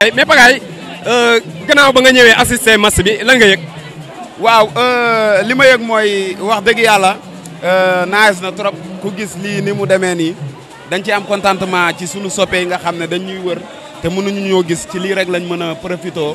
mais Pagaye euh, gannaaw ba nga ñëwee assister match bi lan nga yëg. waaw euh, li ma yëg mooy wax dëgg yàlla euh, nice na trop ku gis lii ni mu demee nii dañ ci am contentement ci sunu soppe yi nga xam ne dañ ñuy wër te mun mënuñu ñoo gis ci lii rek lañ mën a profité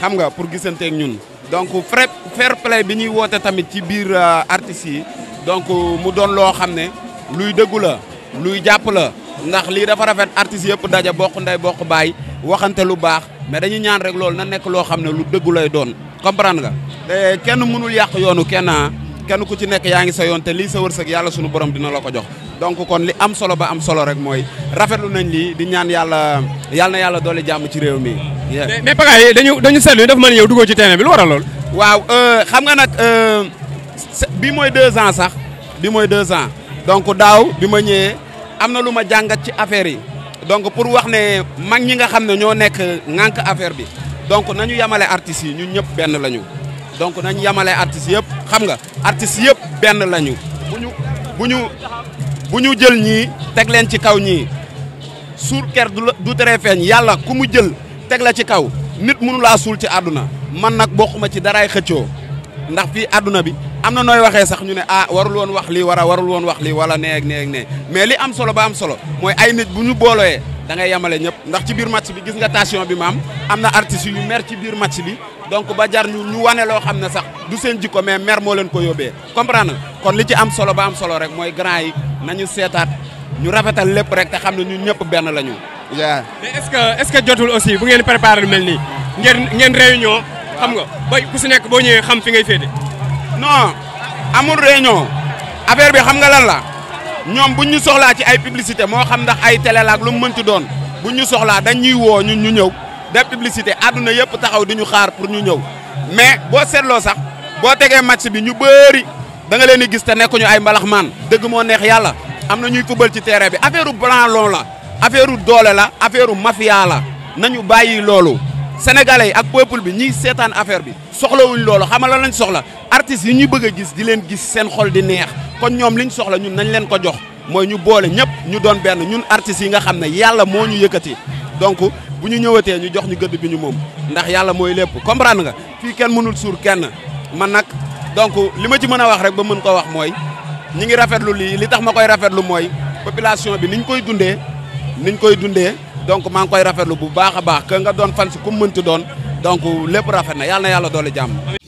xam nga pour gisanteeg ñun. donc fair fair play bi ñuy woote tamit ci biir artistes yi donc mu doon loo xam ne luy dëggu la luy jàpp la ndax lii dafa rafet artistes yëpp daja bokk ndey bokk baay. waxante lu baax mais dañu ñaan rek loolu na nekk loo xam ne lu dëggu lay doon comprendre nga kenn mënul yàq yoonu kenn ah. kenn ku ci nekk yaa ngi sa yoon te lii sa wërsëg yàlla sunu borom dina la ko jox donc kon li am solo ba am solo rek mooy rafetlu nañ li di ñaan yàlla yàlla na yàlla doole jàmm ci réew mi. mais Pagaye dañu dañu seetlu dafa mën a ñëw duggoo ci terrain bi lu waral lool. waaw euh, xam nga nag euh, bi mooy deux ans sax bi mooy deux ans donc daaw bi ma ñëwee am na lu ma jàngat ci affaire yi. donc pour wax ne mag ñi nga xam ne ñoo nekk ŋànk affaire bi donc nañu yemale artis yi ñu ñëpp benn lañu donc nañu yemale artis yëpp xam nga artis yëpp benn lañu bu ñu bu ñu bu ñu jël ñi teg leen ci kaw ñi suur ker du tere feeñ yàlla ku mu jël teg la ci kaw nit mënu laa suul ci àdduna man nag bokkuma ci daraay xëccoo ndax fii àdduna bi am na nooy waxee sax ñu ne ah warul wax lii war a warul woon wax li wala nee ak nee ak nee mais li am solo ba am solo mooy ay nit bu ñu boolooyee da ngay yemale ñëpp ndax ci biir match bi gis nga tension bi maam am na artistes yu mer ci biir match bi donc ba jar ñu ñu wane loo xam ne sax du seen jikko mais mer moo leen ko yóbbee comprendre kon li ci am solo ba am solo rek mooy grand yi ñu seetaat ñu rafetal lépp rek te xam ne ñu ñëpp benn la ñu. mais est-ce que est-ce que jotul aussi bu ngeen préparé lu mel nii ngeen ngeen réunion xam nga ba ku si nekk boo ñëwee xam fi ngay féete. non amul réunion affaire bi xam nga lan la ñoom bu ñu soxlaa ci ay publicité moo xam ndax ay télé la ak lu mu doon bu ñu soxlaa dañ ñuy woo ñun ñu ñëw def publicité àdduna yëpp taxaw di ñu xaar pour ñu ñëw mais boo seetloo sax boo tegee match bi ñu bëri da nga leen di gis te nekkuñu ay mbalax dëgg moo neex yàlla am na ñuy fubal ci terrain bi affaire u blanc la affaire doole la affaire u mafia la ñu bàyyi loolu. sénégalais yi ak peuple bi ñiy seetaan affaire bi soxlawuñ loolu xamal la lañ soxla artistes yi ñuy bëgg a gis di leen gis seen xol di neex kon ñoom li ñu soxla ñun nañ leen ko jox mooy ñu boole ñëpp ñu doon benn ñun artistes yi nga xam ne yàlla moo ñu yëkkati donc bu ñu ñëwatee ñu jox ñu gëdd bi ñu moom ndax yàlla mooy lépp comprendre nga fii kenn mënul suur kenn man nag donc li ma ci mën a wax rek ba mën ko wax mooy ñi ngi rafetlu lii li tax ma koy rafetlu mooy population bi niñ koy dundee niñ koy dundee donc maa ngi koy rafetlu bu baax a baax que nga doon fan si ku mënti doon donc lépp rafet na yàlla na yàlla doole jàmm